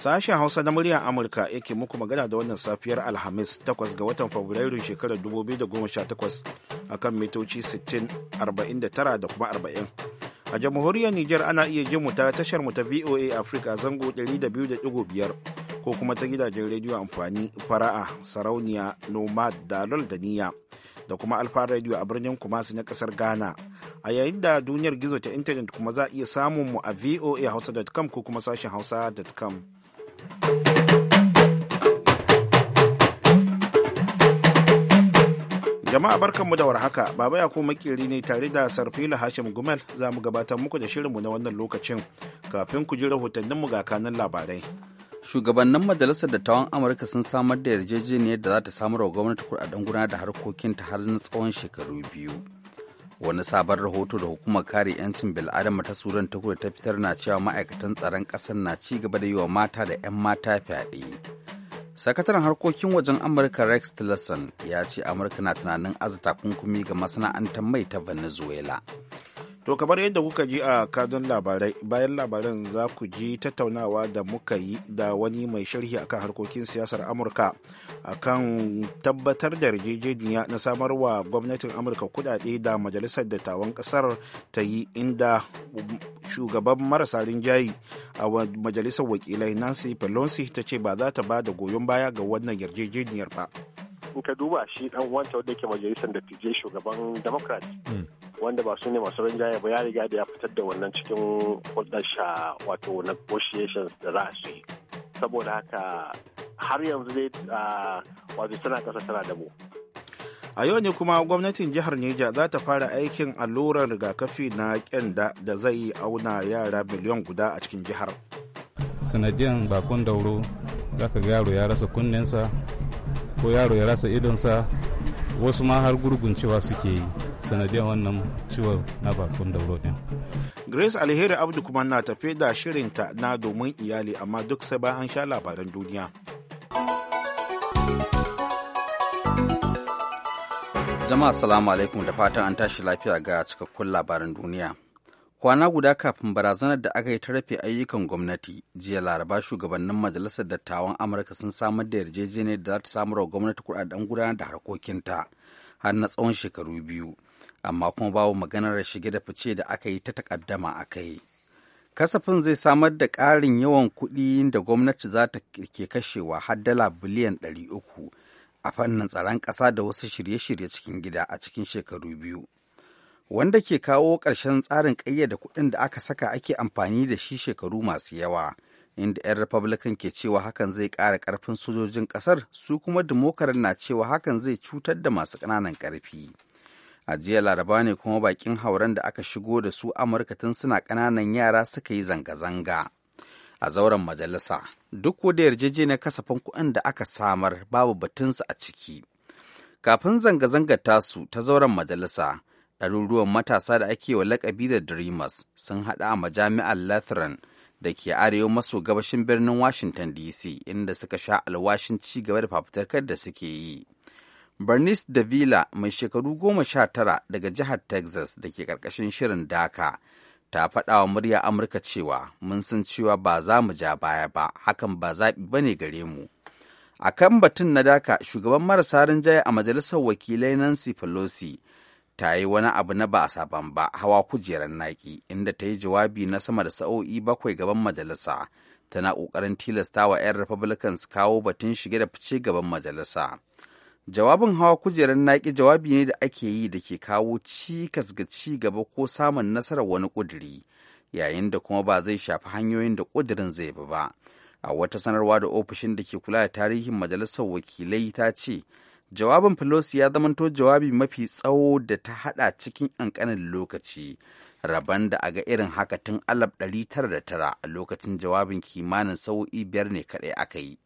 Sashen Hausa na muryar Amurka yake muku magana da wannan safiyar Alhamis 8 ga watan fabrairu shekarar 2018 kan mitoci 60, 49 da kuma 40. A jamhuriyar Nijar ana iya jin mu ta tashar mu ta VOA Africa zango 200.5 ko kuma ta gidajen rediyo amfani fara'a sarauniya nomad dalol da niyya da kuma alfa radio a birnin kumasi na kasar ghana a yayin da duniyar gizo ta intanet kuma za a iya samun mu a voa hausa.com ko kuma sashen hausa.com Jama'a barkanmu da warhaka, Baba Yakubu makeri ne tare da Sarfila Hashim Gumel za mu gabatar muku da shirinmu na wannan lokacin kafin ku ji rahotanninmu ga kanan labarai. Shugabannin Majalisar Dattawan Amurka sun samar da yarjejeniyar da za ta samar wa gwamnati kuɗaɗen gudanar da harkokinta har na tsawon shekaru biyu. wani sabon rahoto da hukumar kare 'yancin bil'adama ta sudan ta kudu ta fitar na cewa ma'aikatan tsaron ƙasar na ci gaba da yi wa mata da 'yan mata fyaɗe sakataren harkokin wajen amurka rex tillerson ya ce amurka na tunanin aza takunkumi ga masana'antar mai ta venezuela To kamar yadda kuka ji a kadon labarai bayan labaran za ku ji tattaunawa da muka yi da wani mai sharhi akan harkokin siyasar Amurka akan tabbatar da yarjejeniya na samarwa gwamnatin Amurka kudade da majalisar dattawan kasar ta yi inda shugaban marasa rinjayi a majalisar wakilai Nancy Pelosi ta ce ba za ta ba da goyon baya ga wannan yarjejeniyar ba. In ka duba shi dan wanta wanda ke majalisar dattijai shugaban Democrat hmm. wanda ba su ne masu rinjaye ba ya riga da ya fitar da wannan cikin hulɗarsa wato negotiations da za su yi saboda haka har yanzu dai wato suna ƙasa tana da mu a yau ne kuma gwamnatin jihar Neja za ta fara aikin allurar rigakafi na kyanda da zai auna yara miliyan guda a cikin jihar sanadiyan bakon dauro za ka ga yaro ya rasa kunninsa ko yaro ya rasa idonsa wasu ma har gurgun cewa suke yi sanadiyar wannan ciwon na bakon dauro din grace alheri abdu kuma na tafe da shirinta na domin iyali amma duk sai bayan an sha labaran duniya jama'a salamu alaikum da fatan an tashi lafiya ga cikakkun labaran duniya kwana guda kafin barazanar da aka yi ta rufe ayyukan gwamnati jiya laraba shugabannin majalisar dattawan amurka sun samar da yarjejeniyar da za ta samar wa gwamnati kudaden gudanar da harkokinta har na tsawon shekaru biyu amma kuma babu maganar shige da fice da aka yi ta takaddama a kai kasafin zai samar da ƙarin yawan kuɗi da gwamnati za ta ke kashewa har dala biliyan ɗari uku a fannin tsaron ƙasa da wasu shirye-shirye cikin gida a cikin shekaru biyu wanda ke kawo ƙarshen tsarin ƙayyade kuɗin da aka saka ake amfani da shi shekaru masu yawa inda 'yan republican ke cewa hakan zai ƙara ƙarfin sojojin ƙasar su kuma demokarat na cewa hakan zai cutar da masu ƙananan ƙarfi. a jiya laraba ne kuma bakin hauren da aka shigo da su amurka tun suna ƙananan yara suka yi zanga-zanga a zauren majalisa duk da yarjejeniyar kasafin kuɗin da aka samar babu batunsa a ciki kafin zanga-zangar tasu ta zauren majalisa ɗaruruwan matasa da ake wa lakabi da dreamers sun haɗa a majami'ar lathran da ke arewa maso gabashin birnin washington dc inda suka sha alwashin ci gaba da fafutarkar da suke yi bernice davila mai shekaru goma sha tara daga jihar texas da ke ƙarƙashin shirin daka ta faɗa wa murya amurka cewa mun san cewa ba za mu ja baya ba hakan ba zaɓi ba ne gare mu a kan batun na daka shugaban marasa rinjaye a majalisar wakilai nancy pelosi ta yi wani abu na ba a saban ba hawa kujerar naki inda ta yi jawabi na sama da sa'o'i bakwai gaban majalisa tana ƙoƙarin tilasta wa 'yan republicans kawo batun shige da fice gaban majalisa jawabin hawa kujerar naƙi jawabi ne da ake yi da ke kawo cikas ga ci gaba ko samun nasarar wani ƙuduri yayin da kuma ba zai shafi hanyoyin da ƙudurin zai bi ba a wata sanarwa da ofishin da ke kula da tarihin majalisar wakilai ta ce jawabin pelosi ya zamanto jawabi mafi tsawo da ta hada cikin ƙanƙanin lokaci rabon da a ga irin haka tun ɗari tara da alab tara a lokacin jawabin kimanin sau'i biyar ne kaɗai aka yi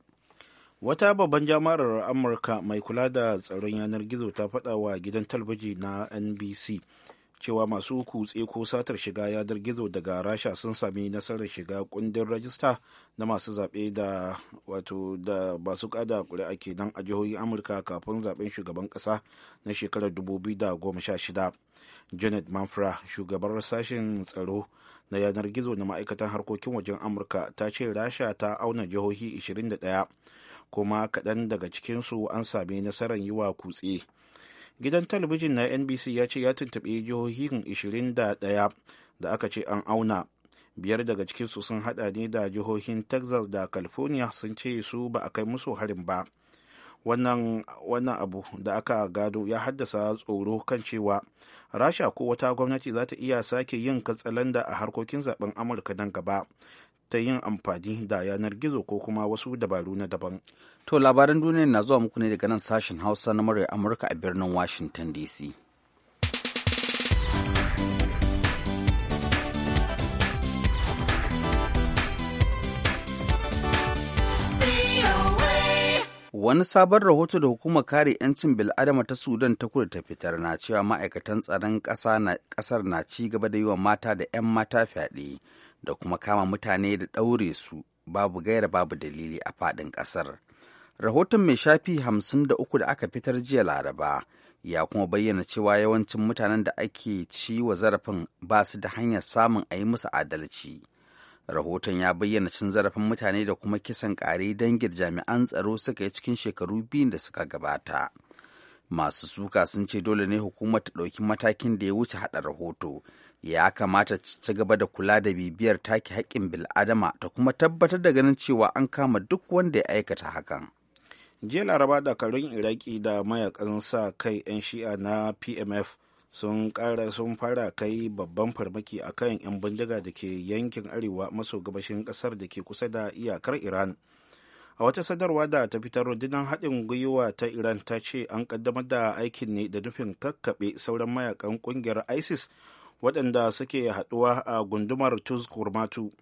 wata babban jama'ar amurka mai kula da tsaron yanar gizo ta faɗa wa gidan talabijin na nbc cewa masu kutse ko satar shiga yanar gizo daga rasha sun sami nasarar shiga kundin rajista na masu zaɓe da wato da masu kada ƙuri'a kenan a jihohin amurka kafin zaɓen shugaban ƙasa na shekarar 2016 janet manfra shugabar sashen tsaro na yanar gizo na ma'aikatan harkokin wajen amurka ta ce rasha ta auna jihohi 21 kuma kaɗan daga cikinsu an sami nasarar yi wa kutse gidan talabijin na nbc ya ce ya tuntuɓi jihohin 21 da aka ce an auna biyar daga cikinsu sun hada ne da jihohin texas da california sun ce su ba a kai musu harin ba wannan abu da aka gado ya haddasa tsoro kan cewa rasha ko wata gwamnati za ta iya sake yin katsalanda a harkokin zaben amurka nan gaba ta yin amfani da yanar gizo ko kuma wasu dabaru na daban. To labaran duniya na zuwa muku ne daga nan sashen Hausa na murya Amurka a birnin Washington DC. wani sabon rahoto da hukumar kare 'yancin bil'adama ta sudan ta kudu ta fitar na cewa ma'aikatan tsaron ƙasar na ci gaba da yi wa mata da 'yan mata fyaɗe da kuma kama mutane da ɗaure su babu gaira babu dalili a faɗin ƙasar. Rahoton mai shafi hamsin da uku da aka fitar jiya Laraba ya kuma bayyana cewa yawancin mutanen da ake ci wa zarafin ba su da hanyar samun a yi musu adalci. Rahoton ya bayyana cin zarafin mutane da kuma kisan ƙare dangin jami'an tsaro suka yi cikin shekaru biyun da suka gabata. Masu suka sun ce dole ne hukumar ta ɗauki matakin da ya wuce haɗa rahoto ya kamata ci gaba da kula da bibiyar take haƙƙin bil'adama ta kuma tabbatar da ganin cewa an kama duk wanda ya aikata hakan. jiya laraba dakarun iraki da mayakan sa kai 'yan shi'a na pmf sun kara sun fara kai babban farmaki a kan 'yan bindiga da ke yankin arewa maso gabashin kasar da ke kusa da iyakar iran a wata sadarwa da ta fitar rundunar haɗin gwiwa ta iran ta ce an kaddamar da aikin ne da nufin kakkaɓe sauran mayakan ƙungiyar isis waɗanda suke haɗuwa a gundumar tuskurmatu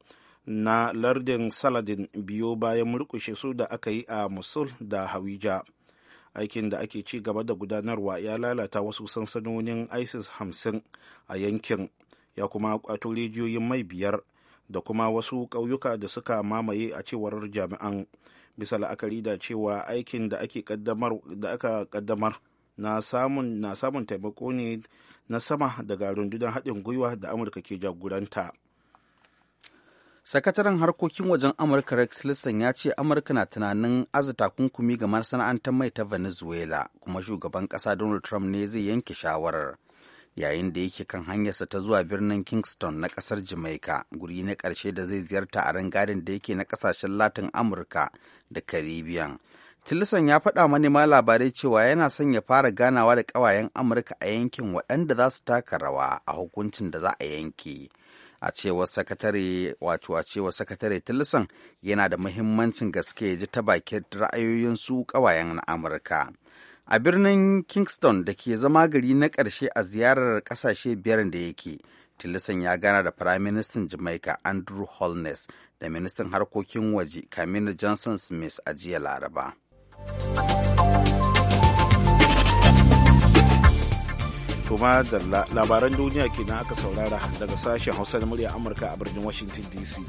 na lardin saladin biyo bayan murkushe su da aka yi a musul da hawija aikin da ake ci gaba da gudanarwa ya lalata wasu sansanonin isis hamsin a yankin ya kuma kwato rijiyoyin mai biyar da kuma wasu ƙauyuka da suka mamaye a cewar jami'an bisa la'akari da cewa aikin da aka kaddamar na samun na samun taimako ne na sama daga rundunar haɗin gwiwa da amurka ke jagoranta sakataren harkokin wajen amurka rex tillerson ya ce amurka na tunanin aza takunkumi ga masana'antar mai ta venezuela kuma shugaban ƙasa donald trump ne zai yanke shawarar yayin da yake kan hanyarsa ta zuwa birnin kingston na kasar jamaica guri na ƙarshe da zai ziyarta a rangadin da yake na ƙasashen latin amurka da caribbean tilson ya faɗa manema labarai cewa yana son ya fara ganawa da ƙawayen Amurka a yankin waɗanda za su taka rawa a hukuncin da za a yanke. A cewar sakatare wato a cewar sakatare Tilson yana da muhimmancin gaske ya ji ta bakin ra'ayoyin su ƙawayen na Amurka. A birnin Kingston da ke zama gari na ƙarshe a ziyarar ƙasashe biyar da yake, Tilson ya gana da Firaministan Jamaica Andrew Holness da Ministan Harkokin Waje Kamina Johnson Smith a jiya Laraba. Tuma da labaran duniya kenan aka saurara daga sashen Hausa na murya Amurka a birnin Washington DC.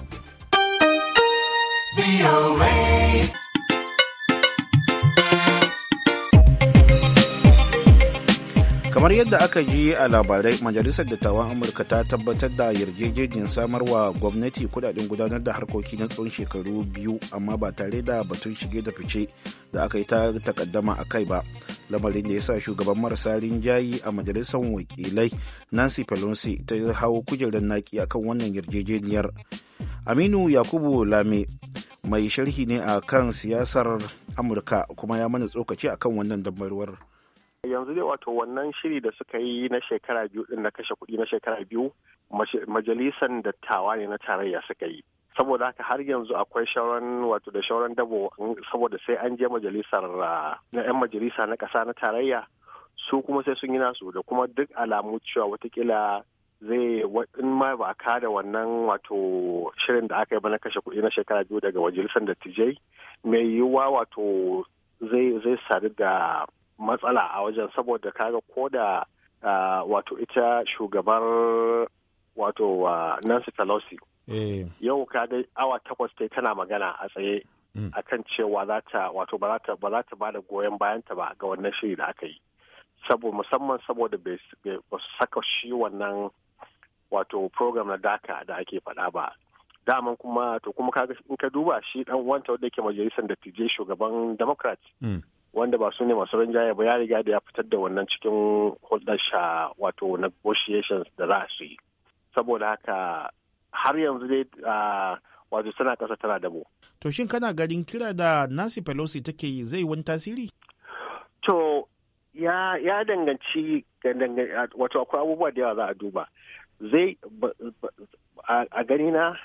kamar yadda aka ji a labarai majalisar dattawan amurka ta tabbatar da yarjejeniyar samarwa gwamnati kudaden gudanar da harkoki na tsawon shekaru biyu amma ba tare da batun shige da fice da aka yi ta takaddama a kai ba lamarin da ya sa shugaban marasa rinjayi a majalisar wakilai nancy pelosi ta hawo kujerar naki akan wannan yarjejeniyar aminu yakubu lame mai sharhi ne a kan siyasar amurka kuma ya mana tsokaci akan wannan dabarwar yanzu dai wato wannan shiri da suka yi na shekara biyu din na kashe kuɗi na shekara biyu majalisan dattawa ne na tarayya suka yi saboda haka har yanzu akwai shauran wato da shauran dabo saboda sai an je majalisar ah, na 'yan majalisa na ƙasa na tarayya su kuma sai sun yi nasu da kuma duk alamu cewa watakila zai in ma ba ka da wannan wato shirin da aka yi ba na kashe kuɗi na shekara biyu daga majalisar dattijai mai yiwuwa wato zai sadu da matsala a wajen saboda kaga ko da wato ita shugabar wato Nancy Pelosi eh. yau kaga awa takwas ta tana magana a tsaye mm. A kan cewa za ta wato ba za ta ba da goyon bayanta ba ga wannan shiri da aka yi saboda musamman saboda ba su saka shi wannan wato program na daka da ake faɗa ba daman kuma to kuma kaga in ka duba shi dan wanta wanda yake majalisar dattijai shugaban democrat mm. wanda ba su ne masu rinjaye ba ya riga da ya fitar da wannan cikin hulɗar sha wato negotiations da za su yi saboda haka har yanzu dai wato suna ƙasa tana dabo. To shin kana garin kira da Nancy Pelosi take yi zai wani tasiri? To ya ya danganci wato akwai abubuwa da yawa za a duba. Zai a gani na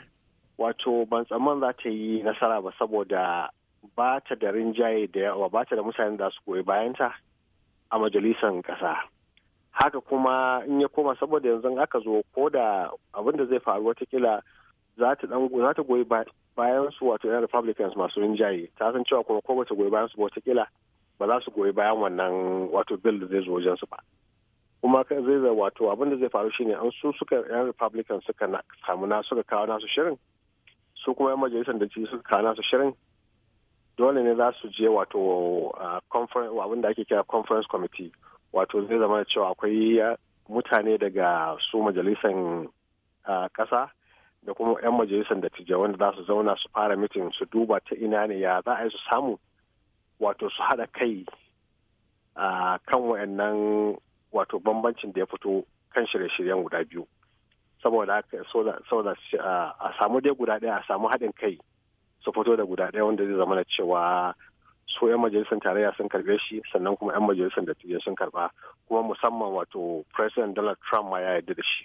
wato ban tsamman za ta yi nasara ba saboda ba ta da rinjaye da yawa ba ta da mutanen da su goyi bayanta a majalisar ƙasa haka kuma in ya koma saboda yanzu aka zo ko da abin da zai faru watakila za ta goyi bayan su wato yan republicans masu rinjaye ta san cewa kuma ko bata goyi bayan su ba watakila ba za su goyi bayan wannan wato bill da zai zo wajen su ba kuma zai zai wato abin da zai faru shine an su suka yan republicans suka samu na suka kawo nasu shirin su kuma yan majalisar da ci suka kawo nasu shirin dole ne za su je wato abin da ake kira conference committee wato zai zama cewa akwai mutane daga su majalisan ƙasa da kuma 'yan majalisan dattijai wanda za su zauna su fara mitin su duba ta ina ne ya za a yi su samu wato su haɗa kai a kan wa'annan wato bambancin da ya fito kan shirye-shiryen guda biyu saboda a samu dai guda ɗaya a samu haɗin kai su fito da guda ɗaya wanda zai zama da cewa su 'yan majalisar tarayya sun karbe shi sannan kuma 'yan majalisar dattijai sun karba kuma musamman wato president donald trump ma ya yarda da shi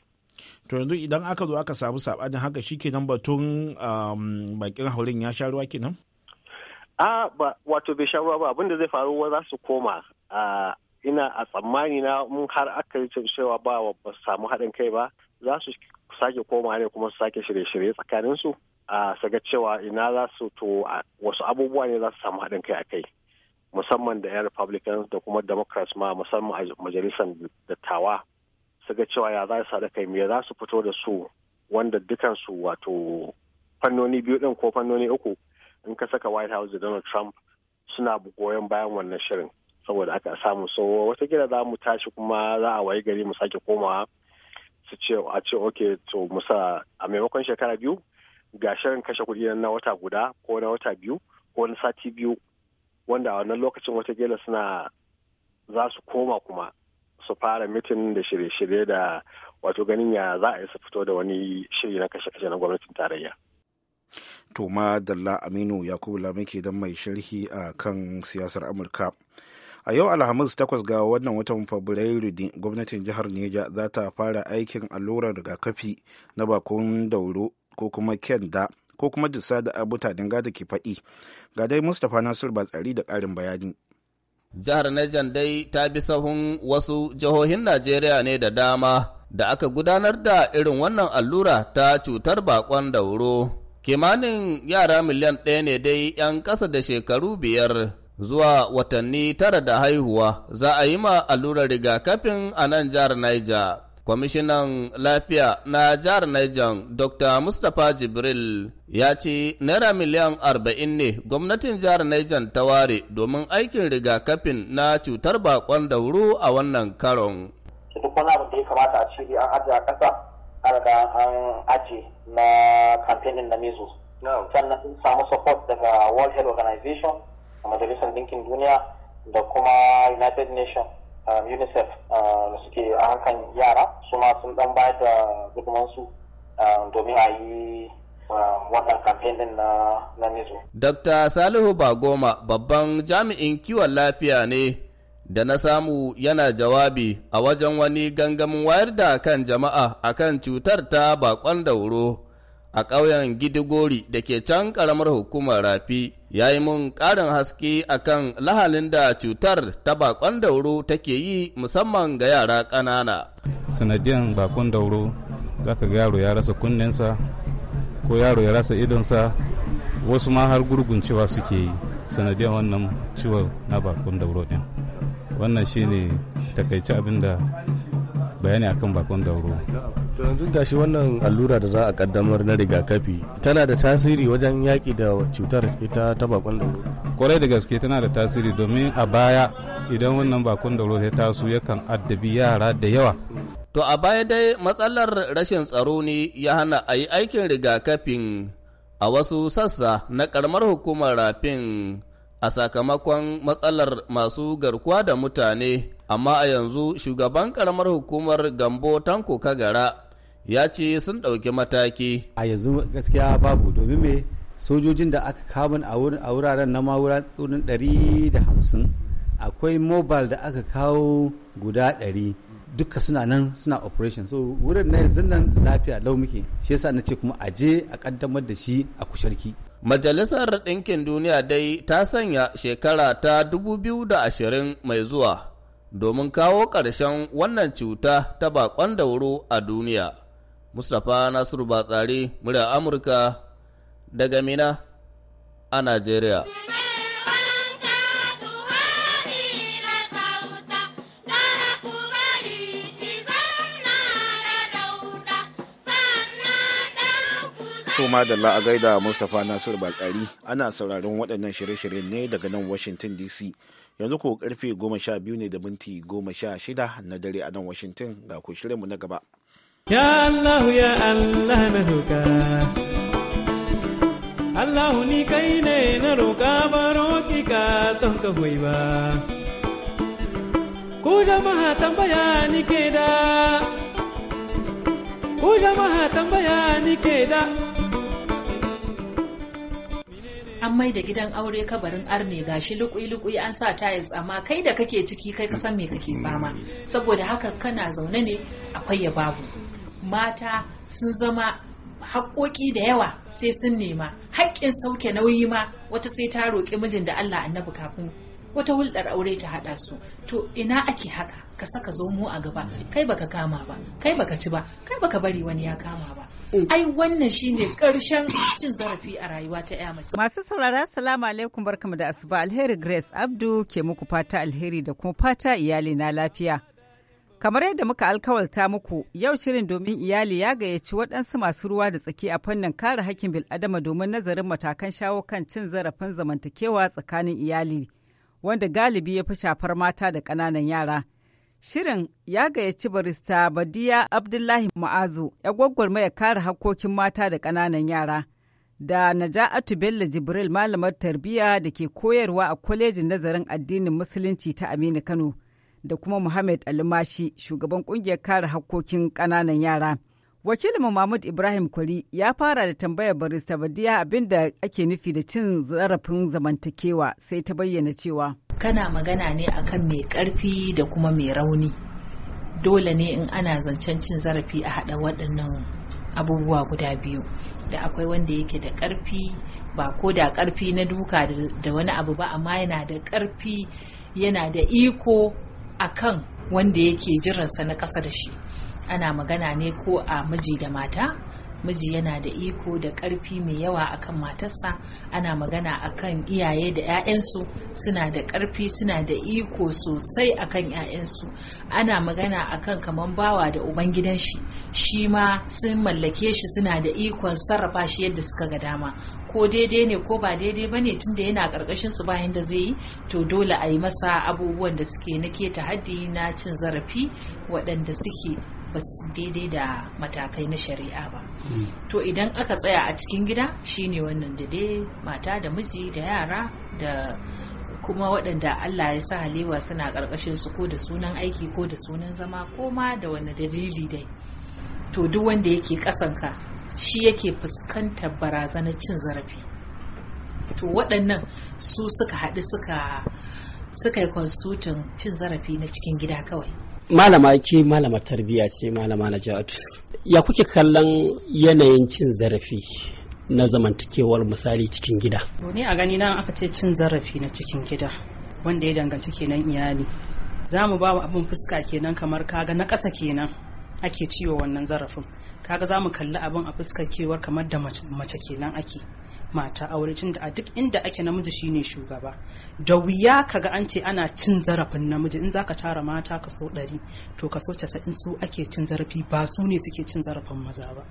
to yanzu idan aka zo aka samu sabanin haka shi kenan batun um, bakin haurin ya sha ruwa kenan a ba wato bai sha ruwa ba abinda zai faru za su koma ina a tsammani na mun har aka yi cewa ba ba samu haɗin kai ba za su sake koma ne kuma su sake shirye-shirye tsakaninsu a saga cewa ina za su to wasu abubuwa ne za su samu haɗin kai a kai musamman da 'yan republicans da kuma democrats ma musamman a majalisar dattawa saga cewa ya za su kai me za su fito da su wanda dukansu wato fannoni biyu din ko fannoni uku in ka saka white house da donald trump suna goyon bayan wannan shirin saboda aka samu so gida za mu tashi kuma za a wayi gari mu sake komawa su ce a ce ok to musa a maimakon shekara biyu ga shirin kashe kuɗi na wata guda ko na wata biyu ko na sati biyu wanda a wannan lokacin watakila suna za su koma kuma su fara mitin da shirye-shirye da wato ganin ya za a yi su fito da wani shiri na kashe-kashe na gwamnatin tarayya. to dalla aminu yakubu lamike don mai sharhi a kan siyasar amurka a yau alhamis takwas ga wannan watan fabrairu ne gwamnatin jihar neja za ta fara aikin allurar rigakafi na bakon dauro ko kuma ken da ko kuma jisa da gada ke faɗi ga dai mustapha nasir batsari da ƙarin bayani jihar Niger dai ta bi sahun wasu jihohin Najeriya ne da dama da aka gudanar da irin wannan allura ta cutar bakon dauro. Kimanin yara miliyan ɗaya ne dai 'yan ƙasa da shekaru biyar zuwa watanni tara da haihuwa za a yi ma allurar rigakafin a nan jihar Niger. kwamishinan lafiya na jihar Niger Dr. Mustapha Jibril ya ce naira miliyan arba'in ne gwamnatin jihar Niger ta ware domin aikin rigakafin na cutar bakon da dauro a wannan karon. Duk wani abin da ya kamata a an ajiye a ƙasa an riga an aji na kamfanin na measles. Sannan sun samu support daga World Health Organization, Majalisar Dinkin Duniya da kuma United Nations. unicef da suke a hankan yara su ma sun dan bayar da gudunmansu domin a yi wannan kamfen na nizo. Dr. Salihu Bagoma babban jami'in kiwon lafiya ne da na samu yana jawabi a wajen wani gangamin wayar da kan jama'a akan cutar ta bakon dauro a ƙauyen Gidigori da ke can ƙaramar hukumar Rafi. ya yi mun ƙarin haske akan lahalin da cutar ta bakon dauro take yi musamman ga yara ƙanana. sanadiyan bakon dauro ka ga yaro ya rasa kunninsa ko yaro ya rasa idonsa wasu ma har gurgun cewa suke yi sanadiyan wannan ciwon na bakon dauro din wannan shine takaici abin da bayani akan bakon dauro to yanzu gashi wannan allura da za a kaddamar na rigakafi tana da tasiri wajen yaki da cutar ita ta bakon dauro kwarai da gaske tana da tasiri domin a baya idan wannan bakon dauro ya taso yakan addabi yara da yawa to a baya dai matsalar rashin tsaro ne ya hana a yi aikin rigakafin a wasu sassa na karamar hukumar rafin a sakamakon matsalar masu garkuwa da mutane amma a yanzu shugaban karamar hukumar gambo tanko kagara ya ce sun ɗauki mataki a yanzu gaskiya babu domin mai sojojin da aka kamun a wuraren na ɗari da hamsin akwai mobile da aka kawo guda ɗari duka suna nan suna operation so wurin na yanzu nan lafiya lau muke shi yasa na ce kuma aje a ƙaddamar da shi a kusharki Majalisar Ɗinkin Duniya dai ta sanya shekara ta 2020 mai zuwa domin kawo ƙarshen wannan cuta ta bakon dauro a duniya. Mustapha Nasiru Batsari, murya Amurka daga Mina a Najeriya. To madalla a gaida Mustapha Nasiru Batsari ana sauraron waɗannan shirye-shiryen ne daga nan Washington DC. Yanzu ko karfe goma sha biyu ne da minti goma sha shida na dare a nan Washington ga ku mu na gaba. Ya Allahu ya Allah na roƙa. Allahu ni kai ne na roƙa ba roƙi ka ton ka hoyi ba. Ku jama'a tambaya ni ke da. Ku jama'a tambaya ni ke da. an mai da gidan aure kabarin arne shi lukui-lukui an sa tiles amma kai da kake ciki kai ka san me kake fama saboda haka kana zaune ne akwai ya babu mata sun zama haƙoƙi da yawa sai sun nema haƙƙin sauke nauyi ma wata sai ta roƙi mijin da Allah annabi kafin wata hulɗar aure ta haɗa su to ina ake haka ka saka zomo a gaba kai baka kama ba kai baka ci ba kai baka bari wani ya kama ba Mm. ai wannan shine karshen cin zarafi a rayuwa ta ya mace masu saurara salamu alaikum barkamu da asuba alheri grace abdu ke muku fata alheri da kuma fata iyali na lafiya kamar yadda muka alkawalta muku yau shirin domin iyali ya gayyaci waɗansu masu ruwa da tsaki a fannin kare hakkin bil'adama domin nazarin matakan shawo kan cin zarafin zamantakewa tsakanin iyali wanda galibi ya fi shafar mata da ƙananan yara Shirin ya gayyaci barista Badiya Abdullahi Ma'azu, ya gwagwarmaya kare hakkokin mata da ƙananan yara, da Naja'atu Bello Jibril malamar tarbiyya da ke koyarwa a kwalejin nazarin addinin Musulunci ta Aminu Kano, da kuma Muhammad Alimashi, shugaban ƙungiyar kare hakkokin ƙananan yara. Wakilin Mahmud Ibrahim Kwari ya fara da tambayar barista Badiya abin da ake nufi da cin zarafin zamantakewa sai ta bayyana cewa. kana magana ne akan mai karfi da kuma mai rauni dole ne in ana zancen cin zarafi a haɗa waɗannan abubuwa guda biyu da akwai wanda yake da ƙarfi ba ko da ƙarfi na duka da wani abu ba amma yana da ƙarfi yana da iko akan wanda yake jiransa na ƙasa da shi ana magana ne ko a miji da mata miji yana da iko da ƙarfi mai yawa akan matarsa ana magana akan iyaye da 'ya'yansu suna da ƙarfi suna da iko sosai akan 'ya'yansu ana magana akan kaman bawa da ubangidan shi shi ma sun mallake shi suna da ikon sarrafa shi yadda suka ga dama ko daidai ne ko ba daidai bane tunda yana ƙarƙashin su bayan da zai yi to dole a yi masa abubuwan da suke na keta haddi na cin zarafi waɗanda suke ba su daidai da matakai na shari'a ba hmm. to idan aka tsaya a cikin gida shine wannan da mata da miji da yara da kuma waɗanda Allah ya sa halewa suna ƙarƙashin su ko da sunan aiki ko da sunan zama ko ma da wani dalili dai to duk wanda yake ƙasanka shi yake fuskantar barazanar cin zarafi to waɗannan su suka haɗu suka suka yi constitution cin zarafi na cikin gida kawai malama ke malama tarbiyya ce malama na jihatu ya kuke kallon yanayin cin zarafi na zamantakewar misali cikin gida to ni a gani nan aka ce cin zarafi na cikin gida wanda ya danganci kenan iyali za mu ba abin fuska kenan kamar kaga na ƙasa kenan ake ciwo wannan zarafin kaga za mu kalli abin a fuskar kewar kamar da mace kenan ake mata aure tunda a duk inda ake namiji shine shugaba da wuya kaga an ce ana cin zarafin namiji in zaka tara mata kaso ɗari to kaso casa'in su ake cin zarafi ba su ne suke cin zarafin maza ba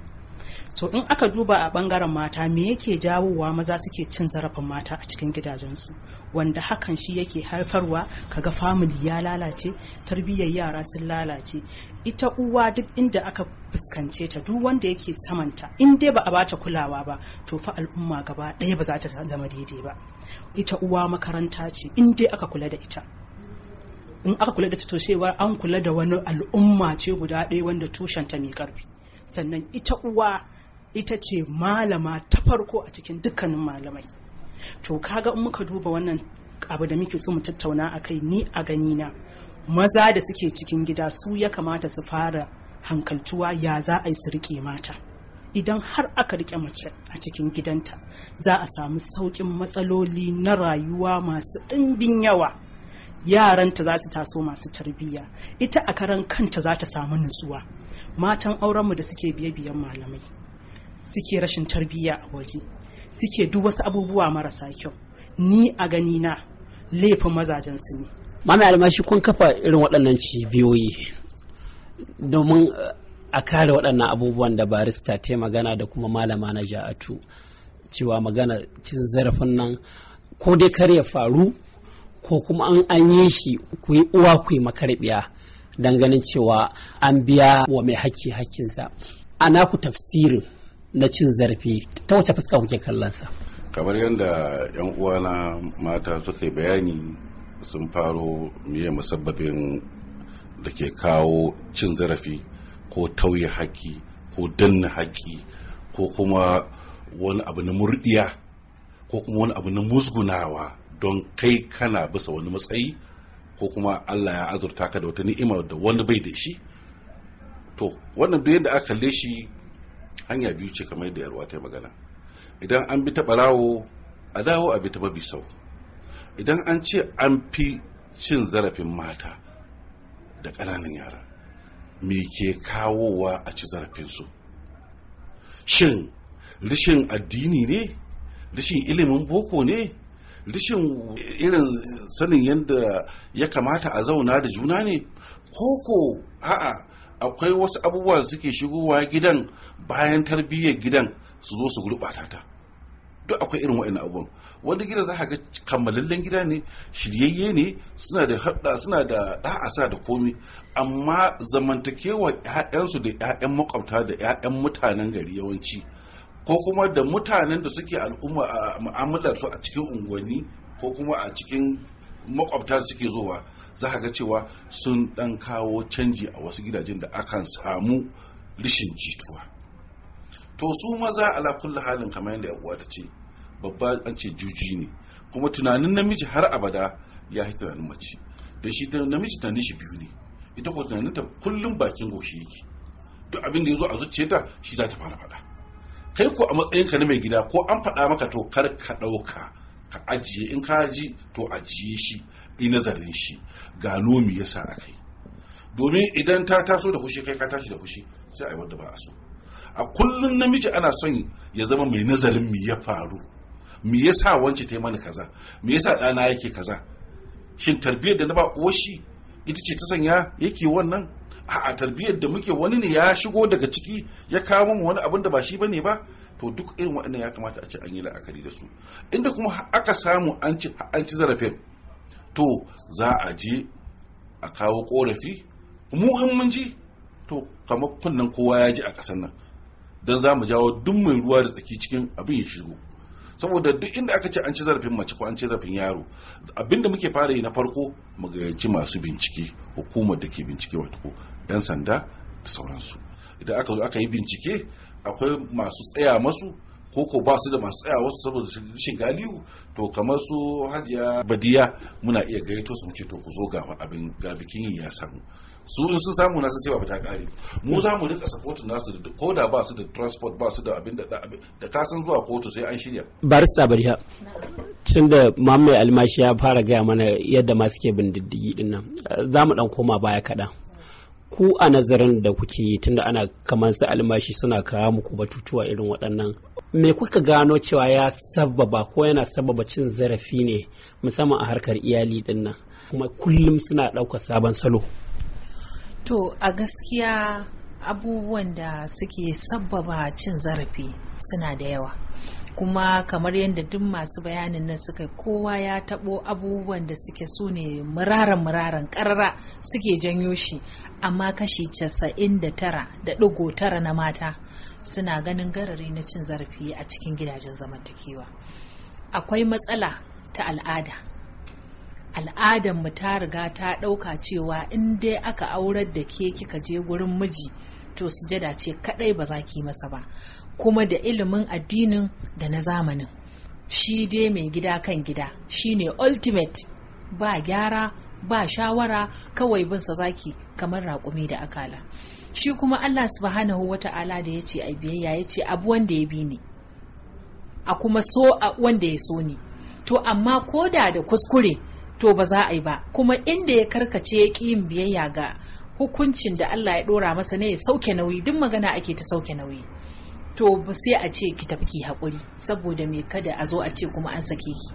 to in aka duba a bangaren mata me yake jawowa maza suke cin zarafin mata a cikin gidajensu wanda hakan shi yake haifarwa kaga famili ya lalace tarbiyyar yara sun lalace ita uwa duk inda aka fuskance ta duk wanda yake samanta in dai ba a bata kulawa ba to fa al'umma gaba ɗaya ba za ta zama daidai ba ita uwa makaranta ce in dai aka kula da ita in aka kula da ta to an kula da wani al'umma ce guda ɗaya wanda tushenta mai karfi sannan ita uwa ita ce malama ta farko a cikin dukkanin malamai to kaga in muka duba wannan abu da muke so mu tattauna a kai ni a gani na. maza da suke cikin gida su ya kamata su fara hankaltuwa ya za a yi su rike mata idan har aka rike mace a cikin gidanta za a samu sauƙin matsaloli na rayuwa masu ɗimbin yawa yaranta za su taso masu tarbiyya ita a karan kanta za ta samu nutsuwa matan aurenmu da suke biye biyan malamai suke rashin tarbiyya a waje suke duk wasu abubuwa marasa kyau ni a gani na laifin mazajen su ne mana almashi kun kafa irin waɗannan cibiyoyi domin eh, a kare waɗannan abubuwan da barista ta magana da kuma malama na ja'atu cewa magana cin zarafin nan ko dai kar ya faru ko kuma an an yi shi ku yi uwa ku yi makarbiya dan ganin cewa an biya wa mai haƙƙi haƙƙinsa ana ku tafsirin na cin zarafi ta wace fuska kuke kallon sa kamar yadda yan uwana mata suka bayani sun faro miye musabbabin da ke kawo cin zarafi ko tauye haƙƙi ko danna haƙƙi ko kuma wani abu na murɗiya ko kuma wani abu na musgunawa don kai kana bisa wani matsayi ko kuma Allah ya azurta ka da wata ni'ima da wani bai da shi to wannan duk yadda aka kalle shi hanya biyu ce kamar yadda yarwa ta magana idan an bi ta barawo a dawo a bi ta mabi sau idan an ce an fi cin zarafin mata da ƙananan yara me ke kawowa a ci zarafin su? shin rishin addini ne rishin ilimin boko ne rishin irin sanin yadda ya kamata a zauna da juna ne koko a'a akwai wasu abubuwa suke shigowa gidan bayan tarbiyyar gidan su zo su gurɓata ta duk akwai irin wa'in abubuwan wanda gidan za ga kammalallen gida ne shiryayye ne suna da hada suna da ɗa'asa da komi amma zamantakewa 'ya'yansu da 'ya'yan makwabta da 'ya'yan mutanen gari yawanci ko kuma da mutanen da suke al'umma a mu'amalar su a cikin unguwanni ko kuma a cikin makwabta da suke zowa za ka ga cewa sun dan kawo canji a wasu gidajen da akan samu rishin jituwa to su maza ala kulli halin kamar yadda uwa ta ce babba an ce juji ne kuma tunanin namiji har abada ya yi tunanin mace da shi namiji tunanin shi biyu ne ita ko tunanin ta kullum bakin goshi yake duk abin da ya zo a zuciyarta shi za ta fara faɗa kai ko a matsayinka na mai gida ko an faɗa maka to kar ka ɗauka ka ajiye in ka ji to ajiye shi yi nazarin shi gano me yasa a domin idan ta taso da fushi kai ka tashi da fushi sai a yi wadda ba a so a kullum namiji ana son ya zama mai nazarin mi ya faru me yasa wance ta yi mani kaza me yasa ɗana yake kaza shin tarbiyyar da na ba uwar shi ita ce ta sanya yake wannan a tarbiyyar da muke wani ne ya shigo daga ciki ya kawo mu wani abin da ba shi bane ba to duk irin waɗannan ya kamata a ce an yi la'akari da su inda kuma aka samu an ci an ci zarafin to za a je a kawo korafi mu in mun ji to kamar kunnan kowa ya ji a ƙasar nan don za mu jawo duk mai ruwa da tsaki cikin abin ya shigo saboda duk inda aka ce an ci zarafin mace ko an ci zarafin yaro abinda muke fara yi na farko mu gayyaci masu bincike hukumar da ke bincike wato 'yan sanda da sauransu idan aka zo aka yi bincike akwai masu tsaya masu ko ko ba su da masu tsaya wasu saboda rashin galihu to kamar su hajiya badiya muna iya gaito su mu ce to ku zo ga abin ga bikin ya samu su in sun samu nasu cewa ba ta kare mu za mu rika supportin nasu da ko da ba su da transport ba su da abin da da ka san zuwa kotu sai an shirya barista bariya tun da mamaye almashi ya fara gaya mana yadda ma suke bin diddigi dinnan za mu dan koma baya kaɗan ku a nazarin da kuke yi tunda ana kamar su almashi suna kawo muku batutuwa irin waɗannan me kuka gano cewa ya sababa ko yana sababa cin zarafi ne musamman a harkar iyali din nan kuma kullum suna ɗaukar sabon salo to a gaskiya abubuwan da suke sababa cin zarafi suna da yawa kuma kamar yadda duk masu bayanin nan suka kowa ya tabo abubuwan da suke su ne muraran muraran karara suke janyo shi amma kashi casa'in da tara da na mata suna ganin garari na cin zarafi a cikin gidajen zamantakewa akwai matsala ta al'ada al'adar mu ta riga ta ɗauka cewa in dai aka aurar da ke kika je gurin miji to sujada ce kadai ba za ki masa ba kuma da ilimin addinin da na zamanin shi dai mai gida kan gida shi ne ultimate ba gyara ba shawara kawai bin sa zaki kamar raƙumi da akala shi kuma allah subhanahu wa ta'ala da ya ce a biyayya ya ce abu wanda ya bi ni a kuma so a wanda ya so ni to amma ko da da kuskure to ba za a yi ba kuma inda ya karkace ya ƙi yin biyayya ga hukuncin da allah ya ɗora masa ne ya sauke nauyi duk magana ake ta sauke nauyi to ba sai a ce ki tafi ki haƙuri saboda me kada a zo a ce kuma an sake ki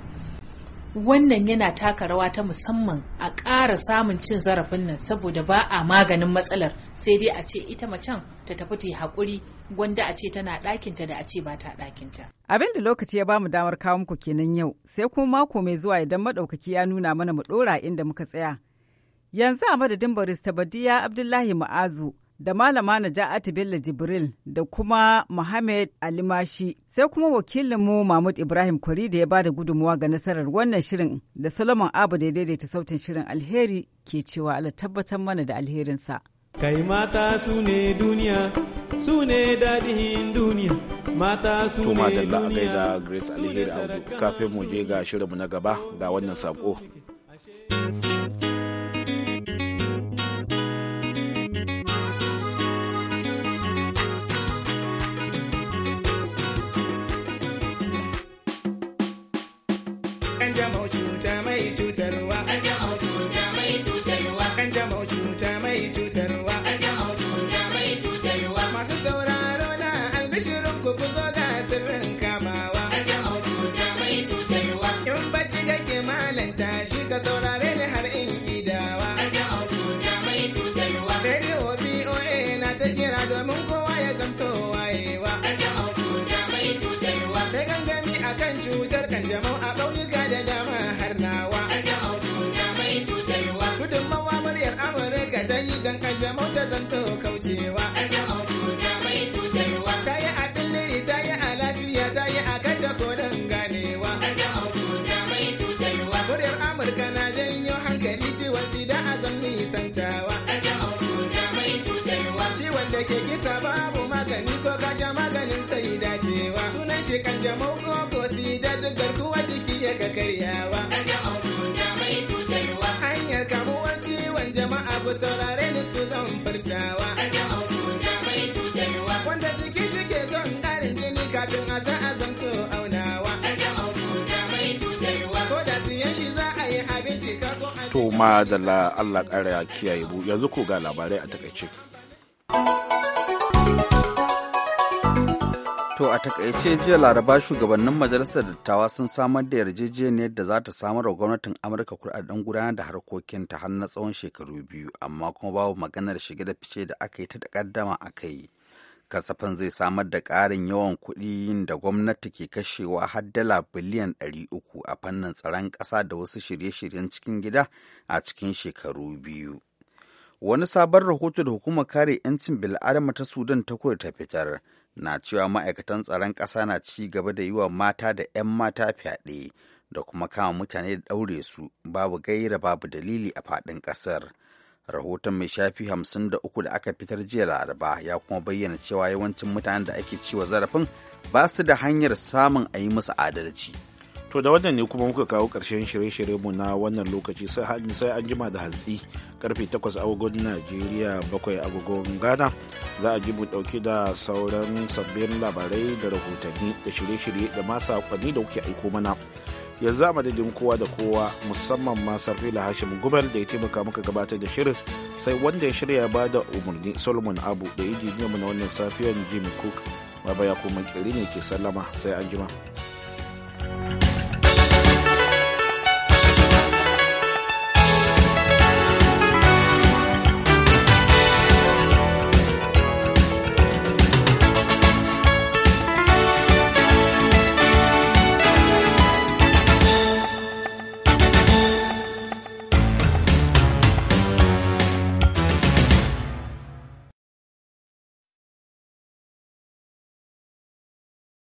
wannan yana taka rawa ta musamman a ƙara samun cin zarafin nan saboda ba a maganin matsalar sai dai a ce ita macen ta tafi ta yi haƙuri gwanda a ce tana ɗakinta da a ce ba ta ɗakinta. Abin da lokaci ya bamu damar kawo muku kenan yau sai kuma mako mai zuwa idan maɗaukaki ya nuna mana mu ɗora inda muka tsaya. Yanzu a madadin barista Badiya Abdullahi Ma'azu. da malama Naja'atu Bello Jibril da kuma Muhammad Alimashi sai kuma wakilinmu Mahmud Ibrahim Kwari da ya ba da gudunmuwa ga nasarar wannan shirin da Solomon Abu da daidaita sautin shirin alheri ke cewa ala tabbatar mana da alherinsa. Kai mata su ne duniya, su ne daɗin duniya, mata su ne duniya. kuma da Grace Alheri Audu, kafin mu je ga shirinmu na gaba ga wannan saƙo. cuta mai cutarwa kanjamau cuta mai cutarwa cuta mai cutarwa cuta mai cutarwa masu sauraro na albishirin ku ku zo ga sirrin kamawa kanjamau cuta mai cutarwa in bacci kake malanta shi ka saurare ni har in gidawa kanjamau cuta mai cutarwa boa na ta kira domin kowa ya zamto wayewa cuta mai cutarwa da gangami akan cutar kanjamau Adamu ta zanto kaucewa. Adamu mai cutarwa. Ta yi a billiri ta yi a lafiya ta yi a kace koren ganewa. Adamu mai cutarwa. Muryar Amurka na janyo hankali ciwon sida a zan nisantawa. mai cutarwa. Ciwon da ke kisa babu magani ko kasha maganin saidacewa. dacewa. Sunan shi kan duk garkuwa jiki ya ka karyawa. Adamu jama'a ku saurare ni su zan furtawa wanda jiki shi ke son karin jini kafin a sa a zamto aunawa ko da siyan shi za a yi abinci ka ko to ma da Allah kara kiyaye bu yanzu ko ga labarai a takaice To a takaice jiya laraba shugabannin majalisar dattawa sun samar da yarjejeniyar da za ta samar wa gwamnatin Amurka kuɗaɗen gudanar da harkokinta har na tsawon shekaru biyu amma kuma babu maganar shige da fice da aka yi ta takaddama a kai. Kasafin zai samar da ƙarin yawan kuɗi da gwamnati ke kashewa har dala biliyan ɗari uku a fannin tsaron ƙasa da wasu shirye-shiryen cikin gida a cikin shekaru biyu. Wani sabon rahoto da hukumar kare 'yancin bil'adama ta Sudan ta ta fitar. na cewa ma'aikatan tsaron ƙasa na ci gaba da yi wa mata da 'yan mata fyaɗe da kuma kama mutane da ɗaure su babu gaira babu dalili a faɗin ƙasar. Rahoton mai shafi 53 da aka fitar jiya laraba ya kuma bayyana cewa yawancin mutanen da ake ciwa zarafin ba su da hanyar samun a yi musu adalci. To da wannan ne kuma muka kawo ƙarshen shirye-shiryenmu na wannan lokaci sai an jima da hatsi karfe 8 agogon Najeriya 7 agogon Ghana za a ji mu dauke da sauran sabbin labarai da rahotanni da shirye-shirye da ma kwani da kuke aiko mana yanzu a madadin kowa da kowa musamman ma la hashim gumel da ya taimaka muka gabatar da shirin sai wanda ya shirya ba da umarni solomon abu da ya mu na wannan safiyar jimmy cook baba ya kuma kiri ne ke sallama sai an jima.